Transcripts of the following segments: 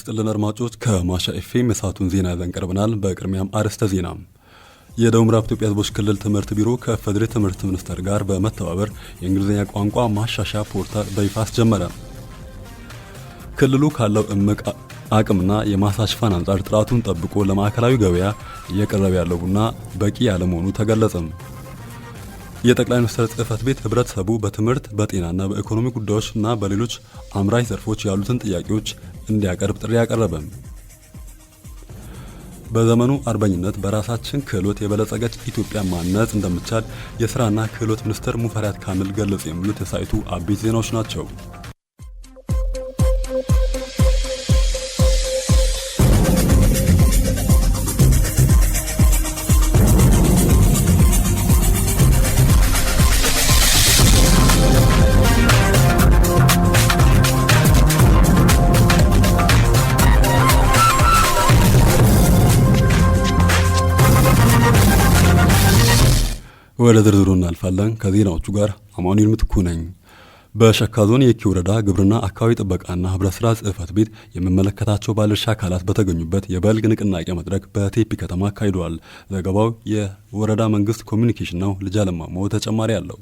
ይስጥልን አድማጮች፣ ከማሻ ኤፍኤም የሰዓቱን ዜና ይዘን ቀርበናል። በቅድሚያም አርዕስተ ዜና። የደቡብ ምዕራብ ኢትዮጵያ ህዝቦች ክልል ትምህርት ቢሮ ከፌዴሬ ትምህርት ሚኒስቴር ጋር በመተባበር የእንግሊዝኛ ቋንቋ ማሻሻያ ፖርታል በይፋ አስጀመረ። ክልሉ ካለው እምቅ አቅምና የማሳ ሽፋን አንጻር ጥራቱን ጠብቆ ለማዕከላዊ ገበያ እየቀረበ ያለው ቡና በቂ ያለመሆኑ ተገለጸም። የጠቅላይ ሚኒስትር ጽህፈት ቤት ህብረተሰቡ በትምህርት በጤናና በኢኮኖሚ ጉዳዮችና በሌሎች አምራች ዘርፎች ያሉትን ጥያቄዎች እንዲያቀርብ ጥሪ አቀረበም። በዘመኑ አርበኝነት በራሳችን ክህሎት የበለጸገች ኢትዮጵያ ማነጽ እንደምቻል የስራና ክህሎት ሚኒስትር ሙፈሪያት ካምል ገለጹ። የሚሉት የሳይቱ አበይት ዜናዎች ናቸው። ወደ ዝርዝሩ እናልፋለን። ከዜናዎቹ ጋር አማኑኤል ምትኩ ነኝ። በሸካ ዞን የኪ ወረዳ ግብርና፣ አካባቢ ጥበቃና ህብረት ስራ ጽህፈት ቤት የሚመለከታቸው ባለድርሻ አካላት በተገኙበት የበልግ ንቅናቄ መድረክ በቴፒ ከተማ አካሂደዋል። ዘገባው የወረዳ መንግስት ኮሚኒኬሽን ነው። ልጅ አለማሞ ተጨማሪ አለው።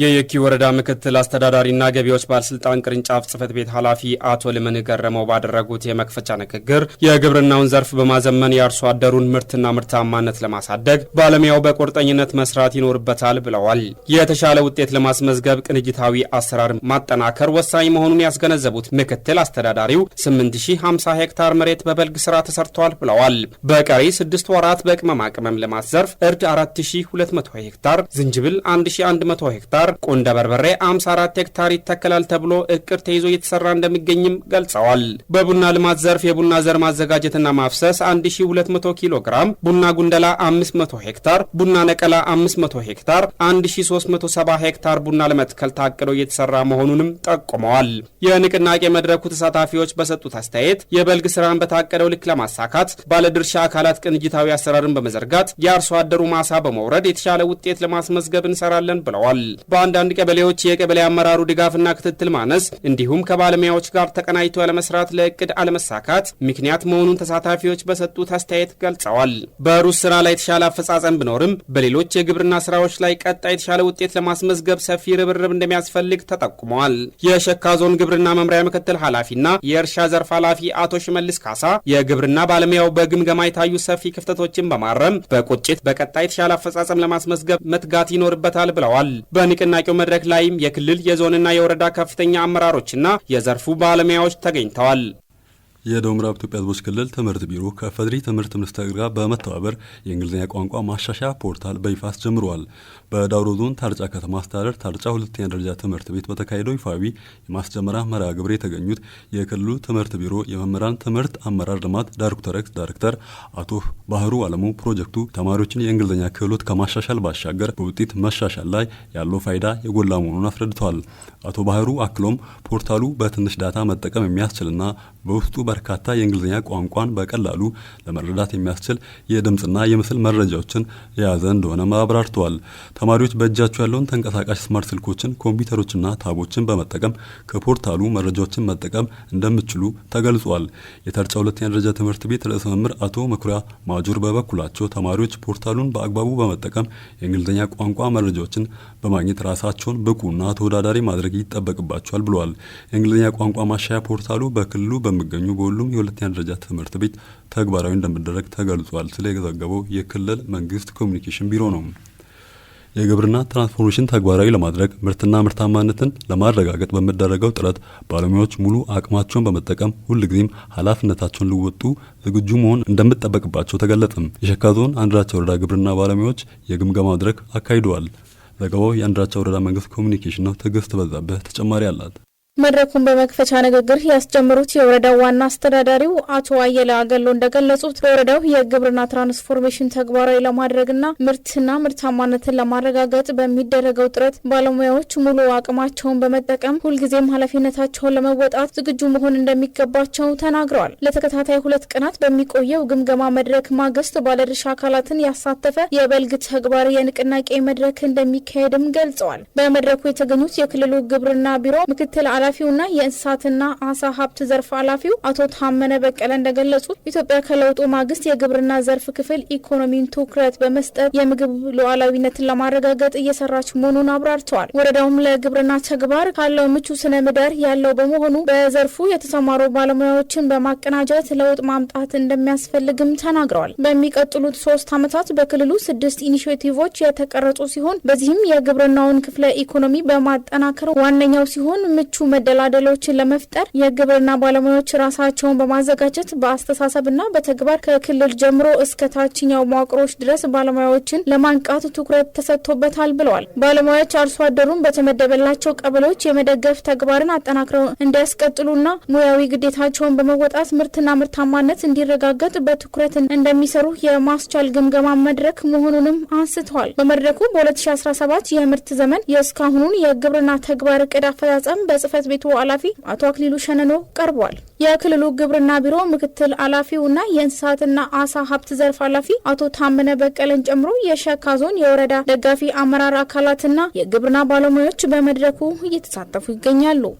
የየኪ ወረዳ ምክትል አስተዳዳሪና ገቢዎች ባለስልጣን ቅርንጫፍ ጽህፈት ቤት ኃላፊ አቶ ልመን ገረመው ባደረጉት የመክፈቻ ንግግር የግብርናውን ዘርፍ በማዘመን የአርሶ አደሩን ምርትና ምርታማነት ለማሳደግ ባለሙያው በቁርጠኝነት መስራት ይኖርበታል ብለዋል። የተሻለ ውጤት ለማስመዝገብ ቅንጅታዊ አሰራር ማጠናከር ወሳኝ መሆኑን ያስገነዘቡት ምክትል አስተዳዳሪው 8050 ሄክታር መሬት በበልግ ስራ ተሰርቷል ብለዋል። በቀሪ 6 ወራት በቅመማ ቅመም ልማት ዘርፍ እርድ 4200 ሄክታር፣ ዝንጅብል 1100 ሄክታር ሄክታር ቁንደ በርበሬ 54 ሄክታር ይተከላል ተብሎ እቅድ ተይዞ እየተሰራ እንደሚገኝም ገልጸዋል። በቡና ልማት ዘርፍ የቡና ዘር ማዘጋጀትና ማፍሰስ 1200 ኪሎ ግራም፣ ቡና ጉንደላ 500 ሄክታር፣ ቡና ነቀላ 500 ሄክታር፣ 1370 ሄክታር ቡና ለመትከል ታቅዶ እየተሰራ መሆኑንም ጠቁመዋል። የንቅናቄ መድረኩ ተሳታፊዎች በሰጡት አስተያየት የበልግ ስራን በታቀደው ልክ ለማሳካት ባለድርሻ አካላት ቅንጅታዊ አሰራርን በመዘርጋት የአርሶ አደሩ ማሳ በመውረድ የተሻለ ውጤት ለማስመዝገብ እንሰራለን ብለዋል። በአንዳንድ ቀበሌዎች የቀበሌ አመራሩ ድጋፍና ክትትል ማነስ እንዲሁም ከባለሙያዎች ጋር ተቀናጅቶ ያለመስራት ለእቅድ አለመሳካት ምክንያት መሆኑን ተሳታፊዎች በሰጡት አስተያየት ገልጸዋል። በሩዝ ስራ ላይ የተሻለ አፈጻጸም ቢኖርም በሌሎች የግብርና ስራዎች ላይ ቀጣይ የተሻለ ውጤት ለማስመዝገብ ሰፊ ርብርብ እንደሚያስፈልግ ተጠቁመዋል። የሸካ ዞን ግብርና መምሪያ ምክትል ኃላፊና የእርሻ ዘርፍ ኃላፊ አቶ ሽመልስ ካሳ የግብርና ባለሙያው በግምገማ የታዩ ሰፊ ክፍተቶችን በማረም በቁጭት በቀጣይ የተሻለ አፈጻጸም ለማስመዝገብ መትጋት ይኖርበታል ብለዋል። በንቅናቄው መድረክ ላይም የክልል የዞንና የወረዳ ከፍተኛ አመራሮችና የዘርፉ ባለሙያዎች ተገኝተዋል። የደቡብ ምዕራብ ኢትዮጵያ ሕዝቦች ክልል ትምህርት ቢሮ ከፌዴሪ ትምህርት ሚኒስቴር ጋር በመተባበር የእንግሊዝኛ ቋንቋ ማሻሻያ ፖርታል በይፋ አስጀምረዋል። በዳውሮ ዞን ታርጫ ከተማ አስተዳደር ታርጫ ሁለተኛ ደረጃ ትምህርት ቤት በተካሄደው ይፋዊ የማስጀመሪያ መርሃ ግብር የተገኙት የክልሉ ትምህርት ቢሮ የመምህራን ትምህርት አመራር ልማት ዳይሬክቶሬት ዳይሬክተር አቶ ባህሩ አለሙ ፕሮጀክቱ ተማሪዎችን የእንግሊዝኛ ክህሎት ከማሻሻል ባሻገር በውጤት መሻሻል ላይ ያለው ፋይዳ የጎላ መሆኑን አስረድተዋል። አቶ ባህሩ አክሎም ፖርታሉ በትንሽ ዳታ መጠቀም የሚያስችልና በውስጡ በርካታ የእንግሊዝኛ ቋንቋን በቀላሉ ለመረዳት የሚያስችል የድምፅና የምስል መረጃዎችን የያዘ እንደሆነ አብራርተዋል። ተማሪዎች በእጃቸው ያለውን ተንቀሳቃሽ ስማርት ስልኮችን፣ ኮምፒውተሮችና ታቦችን በመጠቀም ከፖርታሉ መረጃዎችን መጠቀም እንደሚችሉ ተገልጿል። የተርጫ ሁለተኛ ደረጃ ትምህርት ቤት ርዕሰ መምህር አቶ መኩሪያ ማጆር በበኩላቸው ተማሪዎች ፖርታሉን በአግባቡ በመጠቀም የእንግሊዝኛ ቋንቋ መረጃዎችን በማግኘት ራሳቸውን ብቁና ተወዳዳሪ ማድረግ ይጠበቅባቸዋል ብለዋል። የእንግሊዝኛ ቋንቋ ማሻያ ፖርታሉ በክልሉ በሚገኙ በሁሉም የሁለተኛ ደረጃ ትምህርት ቤት ተግባራዊ እንደሚደረግ ተገልጿል። ስለዘገበው የክልል መንግስት ኮሚኒኬሽን ቢሮ ነው። የግብርና ትራንስፎርሜሽን ተግባራዊ ለማድረግ ምርትና ምርታማነትን ለማረጋገጥ በሚደረገው ጥረት ባለሙያዎች ሙሉ አቅማቸውን በመጠቀም ሁልጊዜም ኃላፊነታቸውን ሊወጡ ዝግጁ መሆን እንደሚጠበቅባቸው ተገለጠም። የሸካ ዞን አንድራቸው ወረዳ ግብርና ባለሙያዎች የግምገማ መድረክ አካሂደዋል። ዘገባው የአንድራቸው ወረዳ መንግስት ኮሚኒኬሽን ነው። ትዕግስት በዛብህ ተጨማሪ አላት። መድረኩን በመክፈቻ ንግግር ያስጀምሩት የወረዳው ዋና አስተዳዳሪው አቶ አየለ አገሎ እንደገለጹት በወረዳው የግብርና ትራንስፎርሜሽን ተግባራዊ ለማድረግና ምርትና ምርታማነትን ለማረጋገጥ በሚደረገው ጥረት ባለሙያዎች ሙሉ አቅማቸውን በመጠቀም ሁልጊዜም ኃላፊነታቸውን ለመወጣት ዝግጁ መሆን እንደሚገባቸው ተናግረዋል። ለተከታታይ ሁለት ቀናት በሚቆየው ግምገማ መድረክ ማግስት ባለድርሻ አካላትን ያሳተፈ የበልግ ተግባር የንቅናቄ መድረክ እንደሚካሄድም ገልጸዋል። በመድረኩ የተገኙት የክልሉ ግብርና ቢሮ ምክትል ኃላፊውና የእንስሳትና አሳ ሀብት ዘርፍ ኃላፊው አቶ ታመነ በቀለ እንደገለጹት ኢትዮጵያ ከለውጡ ማግስት የግብርና ዘርፍ ክፍል ኢኮኖሚን ትኩረት በመስጠት የምግብ ሉዓላዊነትን ለማረጋገጥ እየሰራች መሆኑን አብራርተዋል። ወረዳውም ለግብርና ተግባር ካለው ምቹ ስነ ምህዳር ያለው በመሆኑ በዘርፉ የተሰማሩ ባለሙያዎችን በማቀናጀት ለውጥ ማምጣት እንደሚያስፈልግም ተናግረዋል። በሚቀጥሉት ሶስት ዓመታት በክልሉ ስድስት ኢኒሽቲቮች የተቀረጹ ሲሆን በዚህም የግብርናውን ክፍለ ኢኮኖሚ በማጠናከር ዋነኛው ሲሆን ምቹ መደላደሎችን ለመፍጠር የግብርና ባለሙያዎች ራሳቸውን በማዘጋጀት በአስተሳሰብና በተግባር ከክልል ጀምሮ እስከ ታችኛው መዋቅሮች ድረስ ባለሙያዎችን ለማንቃት ትኩረት ተሰጥቶበታል ብለዋል። ባለሙያዎች አርሶ አደሩን በተመደበላቸው ቀበሌዎች የመደገፍ ተግባርን አጠናክረው እንዲያስቀጥሉና ሙያዊ ግዴታቸውን በመወጣት ምርትና ምርታማነት እንዲረጋገጥ በትኩረት እንደሚሰሩ የማስቻል ግምገማ መድረክ መሆኑንም አንስተዋል። በመድረኩ በ2017 የምርት ዘመን የእስካሁኑን የግብርና ተግባር እቅድ አፈጻጸም በጽፈት ጽህፈት ቤቱ ኃላፊ አቶ አክሊሉ ሸነኖ ቀርቧል። የክልሉ ግብርና ቢሮ ምክትል ኃላፊውና የእንስሳትና አሳ ሀብት ዘርፍ ኃላፊ አቶ ታምነ በቀለን ጨምሮ የሸካ ዞን የወረዳ ደጋፊ አመራር አካላትና የግብርና ባለሙያዎች በመድረኩ እየተሳተፉ ይገኛሉ።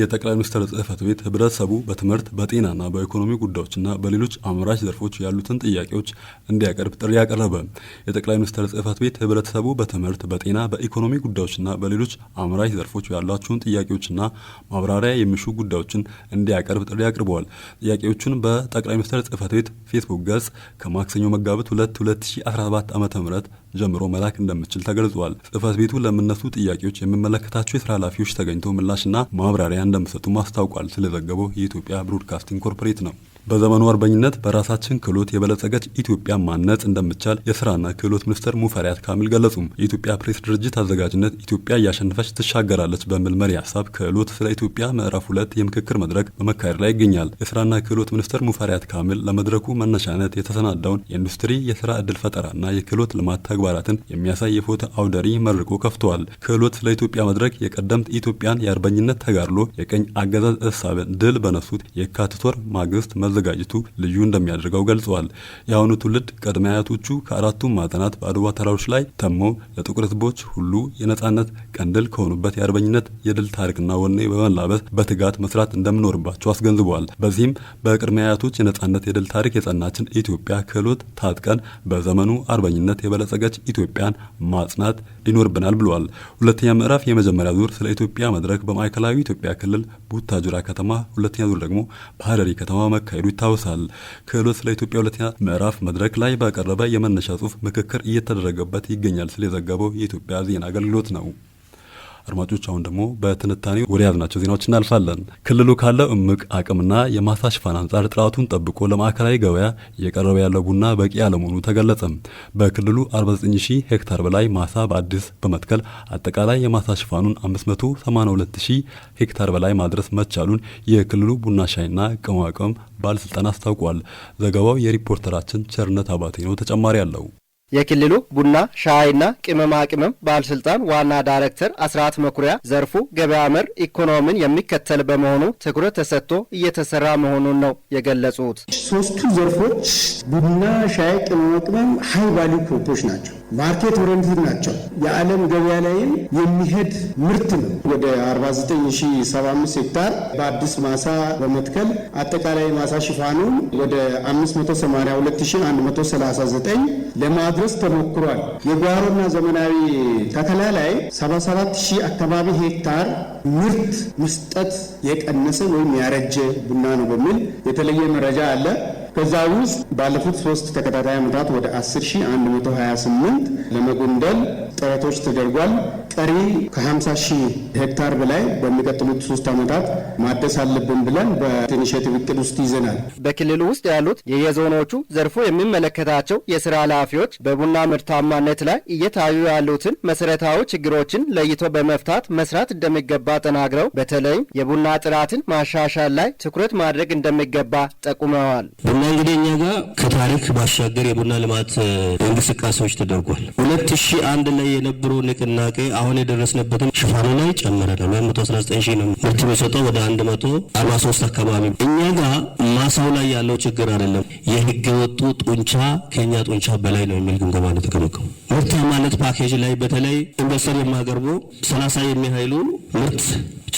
የጠቅላይ ሚኒስትር ጽህፈት ቤት ህብረተሰቡ በትምህርት በጤናና በኢኮኖሚ ጉዳዮችና በሌሎች አምራች ዘርፎች ያሉትን ጥያቄዎች እንዲያቀርብ ጥሪ ያቀረበ። የጠቅላይ ሚኒስትር ጽህፈት ቤት ህብረተሰቡ በትምህርት በጤና በኢኮኖሚ ጉዳዮችና በሌሎች አምራች ዘርፎች ያሏቸውን ጥያቄዎችና ማብራሪያ የሚሹ ጉዳዮችን እንዲያቀርብ ጥሪ አቅርበዋል። ጥያቄዎቹን በጠቅላይ ሚኒስትር ጽህፈት ቤት ፌስቡክ ገጽ ከማክሰኞ መጋቢት 2 2017 ዓ ም ጀምሮ መላክ እንደምትችል ተገልጿል። ጽህፈት ቤቱ ለምነሱ ጥያቄዎች የሚመለከታቸው የስራ ኃላፊዎች ተገኝተው ምላሽና ማብራሪያ እንደምሰጡም አስታውቋል። ስለዘገበው የኢትዮጵያ ብሮድካስቲንግ ኮርፖሬት ነው። በዘመኑ አርበኝነት በራሳችን ክህሎት የበለጸገች ኢትዮጵያ ማነጽ እንደምቻል የስራና ክህሎት ሚኒስትር ሙፈሪያት ካሚል ገለጹም። የኢትዮጵያ ፕሬስ ድርጅት አዘጋጅነት ኢትዮጵያ እያሸነፈች ትሻገራለች በሚል መሪ ሀሳብ ክህሎት ስለ ኢትዮጵያ ምዕራፍ ሁለት የምክክር መድረክ በመካሄድ ላይ ይገኛል። የስራና ክህሎት ሚኒስትር ሙፈሪያት ካሚል ለመድረኩ መነሻነት የተሰናዳውን የኢንዱስትሪ የስራ ዕድል ፈጠራና የክህሎት ልማት ተግባራትን የሚያሳይ የፎቶ አውደሪ መርቆ ከፍተዋል። ክህሎት ስለ ኢትዮጵያ መድረክ የቀደምት ኢትዮጵያን የአርበኝነት ተጋድሎ የቀኝ አገዛዝ እሳብን ድል በነሱት የካቲት ወር ማግስት መዘጋጀቱ ልዩ እንደሚያደርገው ገልጸዋል። የአሁኑ ትውልድ ቀድመ አያቶቹ ከአራቱም ማዕዘናት በአድዋ ተራሮች ላይ ተሞ ለጥቁር ህዝቦች ሁሉ የነጻነት ቀንድል ከሆኑበት የአርበኝነት የድል ታሪክና ወኔ በመላበስ በትጋት መስራት እንደምኖርባቸው አስገንዝበዋል። በዚህም በቅድመ አያቶች የነጻነት የድል ታሪክ የጸናችን ኢትዮጵያ ክህሎት ታጥቀን በዘመኑ አርበኝነት የበለጸገች ኢትዮጵያን ማጽናት ይኖርብናል ብለዋል። ሁለተኛ ምዕራፍ የመጀመሪያ ዙር ስለ ኢትዮጵያ መድረክ በማዕከላዊ ኢትዮጵያ ክልል ቡታጅራ ከተማ፣ ሁለተኛ ዙር ደግሞ በሀረሪ ከተማ መካሄዱ መካሄዱ ይታወሳል። ክህሎት ስለ ኢትዮጵያ ሁለተኛ ምዕራፍ መድረክ ላይ ባቀረበ የመነሻ ጽሁፍ ምክክር እየተደረገበት ይገኛል ሲል የዘገበው የኢትዮጵያ ዜና አገልግሎት ነው። አድማጮች አሁን ደግሞ በትንታኔ ወደ ያዝናቸው ዜናዎች እናልፋለን። ክልሉ ካለው እምቅ አቅምና የማሳ ሽፋን አንጻር ጥራቱን ጠብቆ ለማዕከላዊ ገበያ እየቀረበ ያለው ቡና በቂ አለመሆኑ ተገለጸ። በክልሉ 49 ሺህ ሄክታር በላይ ማሳ በአዲስ በመትከል አጠቃላይ የማሳ ሽፋኑን 582 ሺህ ሄክታር በላይ ማድረስ መቻሉን የክልሉ ቡና ሻይና ቅመማ ቅመም ባለስልጣን አስታውቋል። ዘገባው የሪፖርተራችን ቸርነት አባቴ ነው። ተጨማሪ አለው የክልሉ ቡና ሻይና ቅመማ ቅመም ባለስልጣን ዋና ዳይሬክተር አስራት መኩሪያ ዘርፉ ገበያ መር ኢኮኖሚን የሚከተል በመሆኑ ትኩረት ተሰጥቶ እየተሰራ መሆኑን ነው የገለጹት። ሶስቱ ዘርፎች ቡና፣ ሻይ፣ ቅመማ ቅመም ሀይ ቫሊዩ ክሮፖች ናቸው። ማርኬት ኦሪንትድ ናቸው። የዓለም ገበያ ላይም የሚሄድ ምርት ነው። ወደ 49075 ሄክታር በአዲስ ማሳ በመትከል አጠቃላይ ማሳ ሽፋኑን ወደ 582139 ለማድረስ ተሞክሯል። የጓሮና ዘመናዊ ተከላ ላይ 77000 አካባቢ ሄክታር ምርት መስጠት የቀነሰ ወይም ያረጀ ቡና ነው በሚል የተለየ መረጃ አለ። ከዛ ውስጥ ባለፉት ሶስት ተከታታይ ዓመታት ወደ 10128 ለመጎንደል ጥረቶች ተደርጓል። ቀሪ ከ50 ሺህ ሄክታር በላይ በሚቀጥሉት ሶስት ዓመታት ማደስ አለብን ብለን በኢኒሽቲቭ እቅድ ውስጥ ይዘናል። በክልሉ ውስጥ ያሉት የየዞኖቹ ዘርፎ የሚመለከታቸው የስራ ኃላፊዎች በቡና ምርታማነት ላይ እየታዩ ያሉትን መሰረታዊ ችግሮችን ለይቶ በመፍታት መስራት እንደሚገባ ተናግረው በተለይም የቡና ጥራትን ማሻሻል ላይ ትኩረት ማድረግ እንደሚገባ ጠቁመዋል። ቡና እንግዲህ እኛ ጋር ከታሪክ ባሻገር የቡና ልማት እንቅስቃሴዎች ተደርጓል። ሁለት ሺህ አንድ ላይ የነበረው ንቅናቄ አሁን የደረስንበትን ሽፋኑ ላይ ጨምረናል። ወይም መቶ አስራ ሺህ ነው ምርት የሚሰጠው ወደ አንድ መቶ አርባ ሶስት አካባቢ። እኛ ጋር ማሳው ላይ ያለው ችግር አይደለም። የህገ ወጡ ጡንቻ ከኛ ጡንቻ በላይ ነው የሚል ግምገማ ነው የተገመገሙ። ምርታማነት ፓኬጅ ላይ በተለይ ኢንቨስተር የማቀርቡ ሰላሳ የሚያይሉ ምርት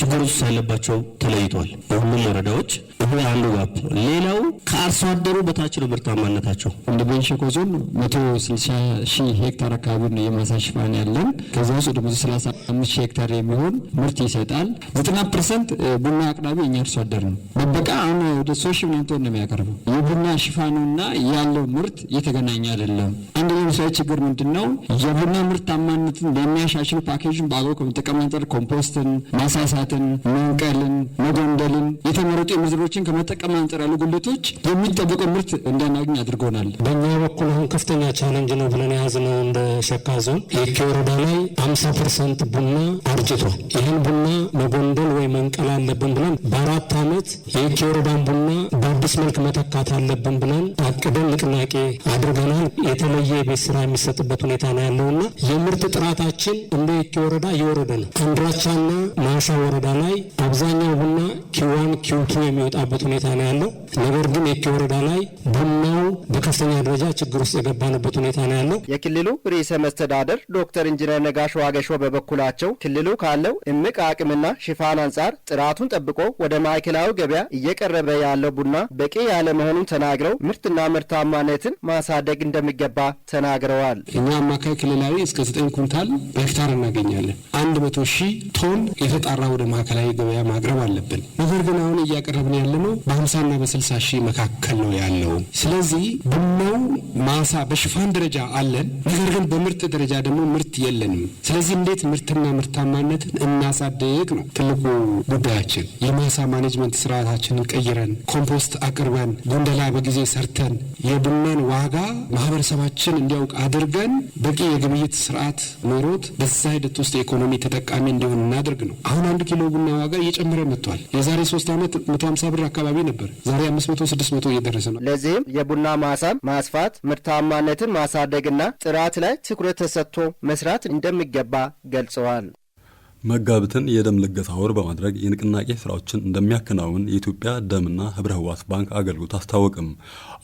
ችግር ውስጥ ያለባቸው ተለይቷል። በሁሉም ወረዳዎች ይሄ አንዱ ጋፕ። ሌላው ከአርሶ አደሩ በታች ነው ምርታማነታቸው። እንደ ቤንሸኮ ዞን መቶ ስልሳ ሺህ ሄክታር አካባቢ ነው የማሳ ሽፋን ያለን። ከዛ ውስጥ ወደ ሰላሳ አምስት ሺህ ሄክታር የሚሆን ምርት ይሰጣል። ዘጠና ፐርሰንት ቡና አቅራቢ እኛ አርሶ አደር ነው። በበቃ አሁን ወደ ሶስት ሺህ ምናምን ቶን ነው የሚያቀርበው። የቡና ሽፋኑና ያለው ምርት የተገናኘ አይደለም። አንደኛው መሰረታዊ ችግር ምንድን ነው? የቡና ምርታማነትን በሚያሻሽሉ ፓኬጅን በአገ ከመጠቀም አንጻር ኮምፖስትን ማሳሳት ማጥቃትን፣ መንቀልን፣ መጎንደልን የተመረጡ የምርቶችን ከመጠቀም አንጻር ያሉ ጉልቶች የሚጠበቀው ምርት እንዳናገኝ አድርጎናል። በእኛ በኩል አሁን ከፍተኛ ቻለንጅ ነው ብለን የያዝነው እንደ ሸካ ዞን የኪ ወረዳ ላይ አምሳ ፐርሰንት ቡና አርጅቷል። ይህን ቡና መጎንደል ወይ መንቀል አለብን ብለን በአራት ዓመት የኪ ወረዳን ቡና በአዲስ መልክ መተካት አለብን ብለን አቅደን ንቅናቄ አድርገናል። የተለየ የቤት ስራ የሚሰጥበት ሁኔታ ነው ያለውና የምርት ጥራታችን እንደ የኪ ወረዳ እየወረደ ነው። አንድራቻና ማሻ ወረ ወረዳ ላይ አብዛኛው ቡና ኪዋን ኪውኪ የሚወጣበት ሁኔታ ነው ያለው። ነገር ግን የኪ ወረዳ ላይ ቡናው በከፍተኛ ደረጃ ችግር ውስጥ የገባንበት ሁኔታ ነው ያለው። የክልሉ ርዕሰ መስተዳደር ዶክተር ኢንጂነር ነጋሽ ዋገሾ በበኩላቸው ክልሉ ካለው እምቅ አቅምና ሽፋን አንጻር ጥራቱን ጠብቆ ወደ ማዕከላዊ ገበያ እየቀረበ ያለው ቡና በቂ ያለመሆኑን ተናግረው ምርትና ምርታማነትን ማሳደግ እንደሚገባ ተናግረዋል። እኛ አማካይ ክልላዊ እስከ ዘጠኝ ኩንታል በሄክታር እናገኛለን። አንድ መቶ ሺህ ቶን የተጣራ ወደ ማዕከላዊ ገበያ ማቅረብ አለብን። ነገር ግን አሁን እያቀረብን ያለነው በ በስልሳ ከ ሺህ መካከል ነው ያለው። ስለዚህ ቡናው ማሳ በሽፋን ደረጃ አለን፣ ነገር ግን በምርት ደረጃ ደግሞ ምርት የለንም። ስለዚህ እንዴት ምርትና ምርታማነትን እናሳድግ ነው ትልቁ ጉዳያችን። የማሳ ማኔጅመንት ስርዓታችንን ቀይረን ኮምፖስት አቅርበን ጎንደላ በጊዜ ሰርተን የቡናን ዋጋ ማህበረሰባችን እንዲያውቅ አድርገን በቂ የግብይት ስርዓት ኖሮት በዛ ሂደት ውስጥ የኢኮኖሚ ተጠቃሚ እንዲሆን እናደርግ ነው። አሁን አንድ ኪሎ ቡና ዋጋ እየጨመረ መጥቷል። የዛሬ ሶስት ዓመት መቶ ሀምሳ ብር አካባቢ ነበር ዛሬ አምስት መቶ ስድስት መቶ እየደረሰ ነው። ለዚህም የቡና ማሳም ማስፋት ምርታማነትን ማሳደግና ጥራት ላይ ትኩረት ተሰጥቶ መስራት እንደሚገባ ገልጸዋል። መጋቢትን የደም ልገሳ ወር በማድረግ የንቅናቄ ስራዎችን እንደሚያከናውን የኢትዮጵያ ደምና ህብረ ህዋስ ባንክ አገልግሎት አስታወቅም።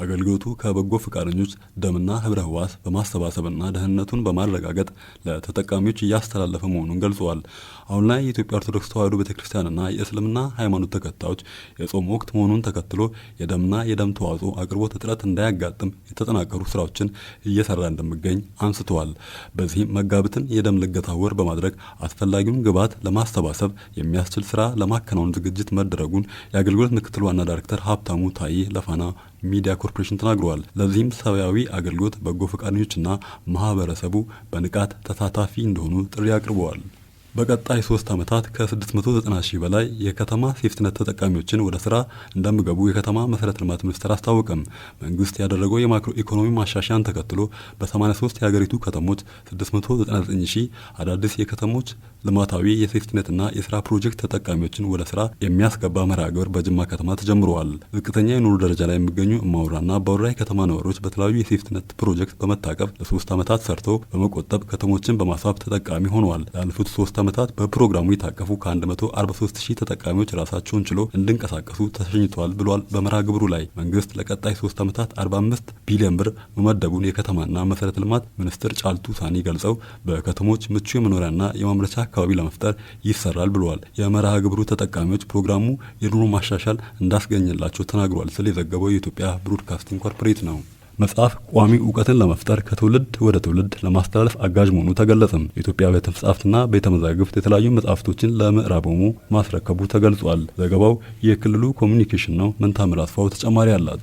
አገልግሎቱ ከበጎ ፈቃደኞች ደምና ህብረ ህዋስ በማሰባሰብና ደህንነቱን በማረጋገጥ ለተጠቃሚዎች እያስተላለፈ መሆኑን ገልጸዋል። አሁን ላይ የኢትዮጵያ ኦርቶዶክስ ተዋሕዶ ቤተ ክርስቲያንና የእስልምና ሃይማኖት ተከታዮች የጾም ወቅት መሆኑን ተከትሎ የደምና የደም ተዋጽኦ አቅርቦት እጥረት እንዳያጋጥም የተጠናከሩ ስራዎችን እየሰራ እንደሚገኝ አንስተዋል። በዚህም መጋቢትን የደም ልገሳ ወር በማድረግ አስፈላጊውን የሕክምናውን ግብዓት ለማሰባሰብ የሚያስችል ስራ ለማከናወን ዝግጅት መደረጉን የአገልግሎት ምክትል ዋና ዳይሬክተር ሀብታሙ ታዬ ለፋና ሚዲያ ኮርፖሬሽን ተናግረዋል። ለዚህም ሰብአዊ አገልግሎት በጎ ፈቃደኞችና ማህበረሰቡ በንቃት ተሳታፊ እንደሆኑ ጥሪ አቅርበዋል። በቀጣይ ሶስት ዓመታት ከ690 ሺህ በላይ የከተማ ሴፍትነት ተጠቃሚዎችን ወደ ስራ እንደሚገቡ የከተማ መሰረተ ልማት ሚኒስቴር አስታወቀም። መንግስት ያደረገው የማክሮ ኢኮኖሚ ማሻሻያን ተከትሎ በ83 የሀገሪቱ ከተሞች 699 ሺህ አዳዲስ የከተሞች ልማታዊ የሴፍትነትና የስራ ፕሮጀክት ተጠቃሚዎችን ወደ ስራ የሚያስገባ መርሃ ግብር በጅማ ከተማ ተጀምረዋል። ዝቅተኛ የኑሮ ደረጃ ላይ የሚገኙ እማወራና አባወራ የከተማ ነዋሪዎች በተለያዩ የሴፍትነት ፕሮጀክት በመታቀብ ለሶስት ዓመታት ሰርተው በመቆጠብ ከተሞችን በማስዋብ ተጠቃሚ ሆነዋል። ላለፉት ሶስት ዓመታት በፕሮግራሙ የታቀፉ ከ143 ሺህ ተጠቃሚዎች ራሳቸውን ችሎ እንዲንቀሳቀሱ ተሸኝተዋል ብሏል። በመርሃ ግብሩ ላይ መንግስት ለቀጣይ ሶስት ዓመታት 45 ቢሊዮን ብር መመደቡን የከተማና መሰረተ ልማት ሚኒስትር ጫልቱ ሳኒ ገልጸው በከተሞች ምቹ የመኖሪያና የማምረቻ አካባቢ ለመፍጠር ይሰራል ብለዋል። የመርሃ ግብሩ ተጠቃሚዎች ፕሮግራሙ የኑሮ ማሻሻል እንዳስገኘላቸው ተናግሯል። ስል የዘገበው የኢትዮጵያ ብሮድካስቲንግ ኮርፖሬት ነው። መጽሐፍ ቋሚ እውቀትን ለመፍጠር ከትውልድ ወደ ትውልድ ለማስተላለፍ አጋዥ መሆኑ ተገለጸም። የኢትዮጵያ ቤተ መጻሕፍትና ቤተ መዛግብት የተለያዩ መጽሐፍቶችን ለምዕራብ ኦሞ ማስረከቡ ተገልጿል። ዘገባው የክልሉ ኮሚኒኬሽን ነው። መንታ አስፋው ተጨማሪ አላት።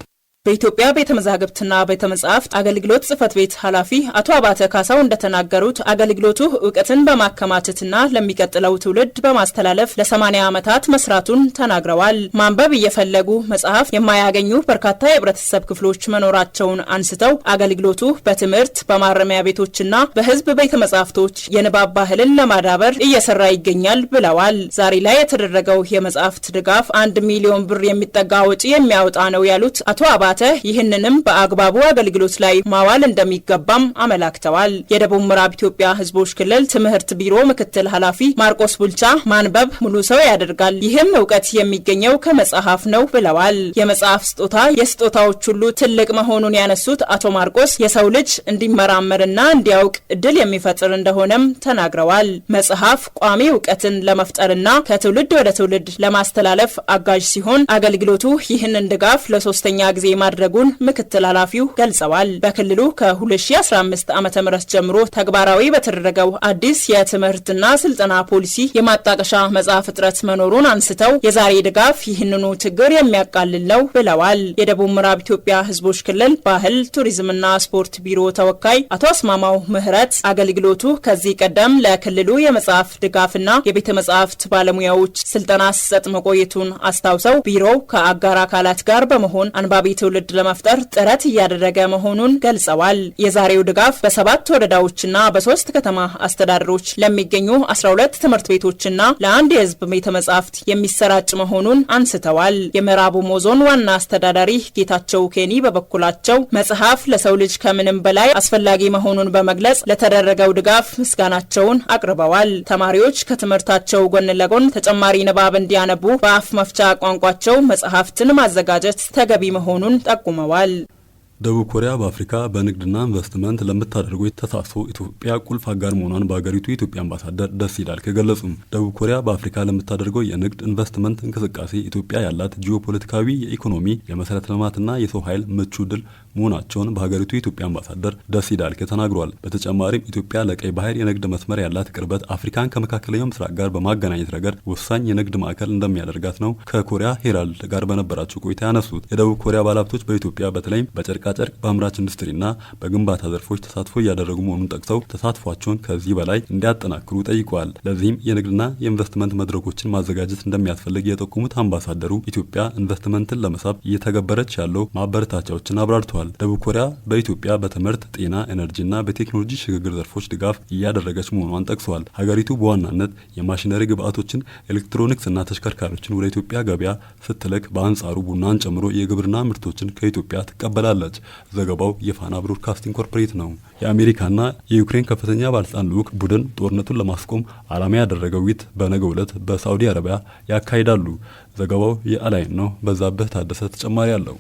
በኢትዮጵያ ቤተ መዛግብትና ቤተ መጻሕፍት አገልግሎት ጽሕፈት ቤት ኃላፊ አቶ አባተ ካሳው እንደተናገሩት አገልግሎቱ እውቀትን በማከማቸትና ለሚቀጥለው ትውልድ በማስተላለፍ ለ80 ዓመታት መስራቱን ተናግረዋል። ማንበብ እየፈለጉ መጽሐፍ የማያገኙ በርካታ የህብረተሰብ ክፍሎች መኖራቸውን አንስተው አገልግሎቱ በትምህርት በማረሚያ ቤቶችና በህዝብ ቤተ መጻሕፍቶች የንባብ ባህልን ለማዳበር እየሰራ ይገኛል ብለዋል። ዛሬ ላይ የተደረገው የመጽሐፍት ድጋፍ አንድ ሚሊዮን ብር የሚጠጋ ወጪ የሚያወጣ ነው ያሉት አቶ አባተ አባተ ይህንንም በአግባቡ አገልግሎት ላይ ማዋል እንደሚገባም አመላክተዋል። የደቡብ ምዕራብ ኢትዮጵያ ህዝቦች ክልል ትምህርት ቢሮ ምክትል ኃላፊ ማርቆስ ቡልቻ ማንበብ ሙሉ ሰው ያደርጋል፣ ይህም እውቀት የሚገኘው ከመጽሐፍ ነው ብለዋል። የመጽሐፍ ስጦታ የስጦታዎች ሁሉ ትልቅ መሆኑን ያነሱት አቶ ማርቆስ የሰው ልጅ እንዲመራመርና እንዲያውቅ እድል የሚፈጥር እንደሆነም ተናግረዋል። መጽሐፍ ቋሚ እውቀትን ለመፍጠርና ከትውልድ ወደ ትውልድ ለማስተላለፍ አጋዥ ሲሆን አገልግሎቱ ይህንን ድጋፍ ለሶስተኛ ጊዜ ማድረጉን ምክትል ኃላፊው ገልጸዋል። በክልሉ ከ2015 ዓ ም ጀምሮ ተግባራዊ በተደረገው አዲስ የትምህርትና ስልጠና ፖሊሲ የማጣቀሻ መጽሐፍ እጥረት መኖሩን አንስተው የዛሬ ድጋፍ ይህንኑ ችግር የሚያቃልል ነው ብለዋል። የደቡብ ምዕራብ ኢትዮጵያ ህዝቦች ክልል ባህል ቱሪዝምና ስፖርት ቢሮ ተወካይ አቶ አስማማው ምህረት አገልግሎቱ ከዚህ ቀደም ለክልሉ የመጽሐፍ ድጋፍና የቤተ መጽሐፍት ባለሙያዎች ስልጠና ሲሰጥ መቆየቱን አስታውሰው ቢሮው ከአጋር አካላት ጋር በመሆን አንባቢ ትውልድ ለመፍጠር ጥረት እያደረገ መሆኑን ገልጸዋል። የዛሬው ድጋፍ በሰባት ወረዳዎችና በሶስት ከተማ አስተዳደሮች ለሚገኙ 12 ትምህርት ቤቶችና ለአንድ የህዝብ ቤተ መጻሕፍት የሚሰራጭ መሆኑን አንስተዋል። የምዕራብ ኦሞ ዞን ዋና አስተዳዳሪ ጌታቸው ኬኒ በበኩላቸው መጽሐፍ ለሰው ልጅ ከምንም በላይ አስፈላጊ መሆኑን በመግለጽ ለተደረገው ድጋፍ ምስጋናቸውን አቅርበዋል። ተማሪዎች ከትምህርታቸው ጎን ለጎን ተጨማሪ ንባብ እንዲያነቡ በአፍ መፍቻ ቋንቋቸው መጽሐፍትን ማዘጋጀት ተገቢ መሆኑን ጠቁመዋል ደቡብ ኮሪያ በአፍሪካ በንግድና ኢንቨስትመንት ለምታደርገው ተሳትፎ ኢትዮጵያ ቁልፍ አጋር መሆኗን በሀገሪቱ የኢትዮጵያ አምባሳደር ደስ ይላል ከገለጹም ደቡብ ኮሪያ በአፍሪካ ለምታደርገው የንግድ ኢንቨስትመንት እንቅስቃሴ ኢትዮጵያ ያላት ጂኦፖለቲካዊ፣ የኢኮኖሚ፣ የመሰረተ ልማትና የሰው ኃይል ምቹ ድል መሆናቸውን በሀገሪቱ የኢትዮጵያ አምባሳደር ደስ ይላል ተናግሯል። በተጨማሪም ኢትዮጵያ ለቀይ ባህር የንግድ መስመር ያላት ቅርበት አፍሪካን ከመካከለኛው ምስራቅ ጋር በማገናኘት ረገድ ወሳኝ የንግድ ማዕከል እንደሚያደርጋት ነው ከኮሪያ ሄራልድ ጋር በነበራቸው ቆይታ ያነሱት። የደቡብ ኮሪያ ባለሀብቶች በኢትዮጵያ በተለይም በጨርቃ በሸቃጨርቅ በአምራች ኢንዱስትሪና በግንባታ ዘርፎች ተሳትፎ እያደረጉ መሆኑን ጠቅሰው ተሳትፏቸውን ከዚህ በላይ እንዲያጠናክሩ ጠይቀዋል። ለዚህም የንግድና የኢንቨስትመንት መድረኮችን ማዘጋጀት እንደሚያስፈልግ የጠቁሙት አምባሳደሩ ኢትዮጵያ ኢንቨስትመንትን ለመሳብ እየተገበረች ያለው ማበረታቻዎችን አብራርተዋል። ደቡብ ኮሪያ በኢትዮጵያ በትምህርት፣ ጤና፣ ኤነርጂና በቴክኖሎጂ ሽግግር ዘርፎች ድጋፍ እያደረገች መሆኗን ጠቅሰዋል። ሀገሪቱ በዋናነት የማሽነሪ ግብአቶችን፣ ኤሌክትሮኒክስና ተሽከርካሪዎችን ወደ ኢትዮጵያ ገበያ ስትልክ በአንጻሩ ቡናን ጨምሮ የግብርና ምርቶችን ከኢትዮጵያ ትቀበላለች። ዘገባው የፋና ብሮድካስቲንግ ኮርፖሬት ነው። የአሜሪካና የዩክሬን ከፍተኛ ባለስልጣን ልዑክ ቡድን ጦርነቱን ለማስቆም ዓላማ ያደረገው ውይይት በነገ ዕለት በሳዑዲ አረቢያ ያካሂዳሉ። ዘገባው የአላይን ነው። በዛብህ ታደሰ ተጨማሪ አለው።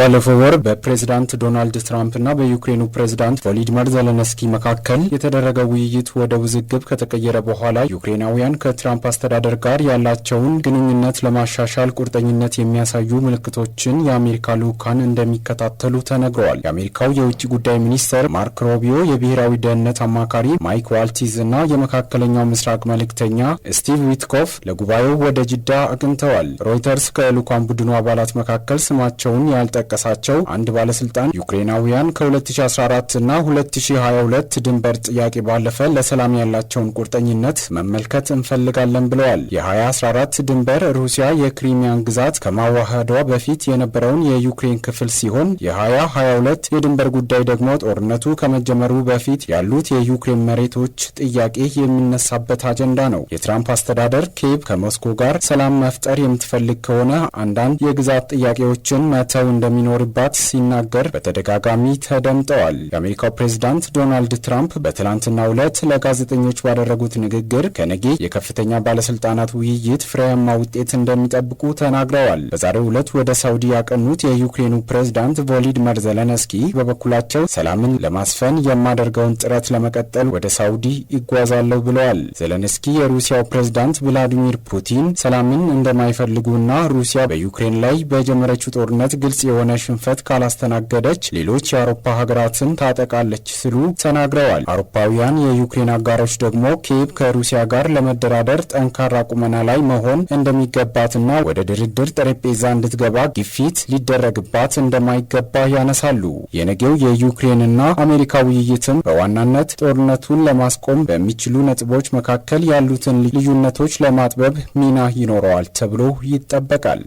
ባለፈው ወር በፕሬዝዳንት ዶናልድ ትራምፕ እና በዩክሬኑ ፕሬዝዳንት ቮሎዲመር ዘለንስኪ መካከል የተደረገው ውይይት ወደ ውዝግብ ከተቀየረ በኋላ ዩክሬናውያን ከትራምፕ አስተዳደር ጋር ያላቸውን ግንኙነት ለማሻሻል ቁርጠኝነት የሚያሳዩ ምልክቶችን የአሜሪካ ልዑካን እንደሚከታተሉ ተነግረዋል። የአሜሪካው የውጭ ጉዳይ ሚኒስትር ማርክ ሮቢዮ፣ የብሔራዊ ደህንነት አማካሪ ማይክ ዋልቲዝ እና የመካከለኛው ምስራቅ መልእክተኛ ስቲቭ ዊትኮፍ ለጉባኤው ወደ ጅዳ አቅንተዋል። ሮይተርስ ከልዑካን ቡድኑ አባላት መካከል ስማቸውን ያልጠ የጠቀሳቸው አንድ ባለስልጣን ዩክሬናውያን ከ2014 እና 2022 ድንበር ጥያቄ ባለፈ ለሰላም ያላቸውን ቁርጠኝነት መመልከት እንፈልጋለን ብለዋል። የ2014 ድንበር ሩሲያ የክሪሚያን ግዛት ከማዋሃዷ በፊት የነበረውን የዩክሬን ክፍል ሲሆን የ2022 የድንበር ጉዳይ ደግሞ ጦርነቱ ከመጀመሩ በፊት ያሉት የዩክሬን መሬቶች ጥያቄ የሚነሳበት አጀንዳ ነው። የትራምፕ አስተዳደር ኬብ ከሞስኮ ጋር ሰላም መፍጠር የምትፈልግ ከሆነ አንዳንድ የግዛት ጥያቄዎችን መተው እንደ እንደሚኖርባት ሲናገር በተደጋጋሚ ተደምጠዋል። የአሜሪካው ፕሬዚዳንት ዶናልድ ትራምፕ በትላንትናው ዕለት ለጋዜጠኞች ባደረጉት ንግግር ከነጌ የከፍተኛ ባለስልጣናት ውይይት ፍሬያማ ውጤት እንደሚጠብቁ ተናግረዋል። በዛሬው ዕለት ወደ ሳውዲ ያቀኑት የዩክሬኑ ፕሬዚዳንት ቮሊድመር ዘለንስኪ በበኩላቸው ሰላምን ለማስፈን የማደርገውን ጥረት ለመቀጠል ወደ ሳውዲ ይጓዛለሁ ብለዋል። ዘለንስኪ የሩሲያው ፕሬዝዳንት ቭላዲሚር ፑቲን ሰላምን እንደማይፈልጉና ሩሲያ በዩክሬን ላይ በጀመረችው ጦርነት ግልጽ የሆነ የሆነ ሽንፈት ካላስተናገደች ሌሎች የአውሮፓ ሀገራትን ታጠቃለች ሲሉ ተናግረዋል። አውሮፓውያን የዩክሬን አጋሮች ደግሞ ኪየቭ ከሩሲያ ጋር ለመደራደር ጠንካራ ቁመና ላይ መሆን እንደሚገባትና ወደ ድርድር ጠረጴዛ እንድትገባ ግፊት ሊደረግባት እንደማይገባ ያነሳሉ። የነገው የዩክሬንና አሜሪካ ውይይትም በዋናነት ጦርነቱን ለማስቆም በሚችሉ ነጥቦች መካከል ያሉትን ልዩነቶች ለማጥበብ ሚና ይኖረዋል ተብሎ ይጠበቃል።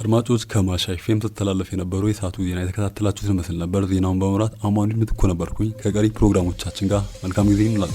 አድማጮች ከማሻ ኤፍ ኤም ስትተላለፍ የነበረው የሰዓቱ ዜና የተከታተላችሁትን ይመስል ነበር። ዜናውን በመምራት አማኑኤል ምትኮ ነበርኩኝ። ከቀሪ ፕሮግራሞቻችን ጋር መልካም ጊዜ ይምላችሁ።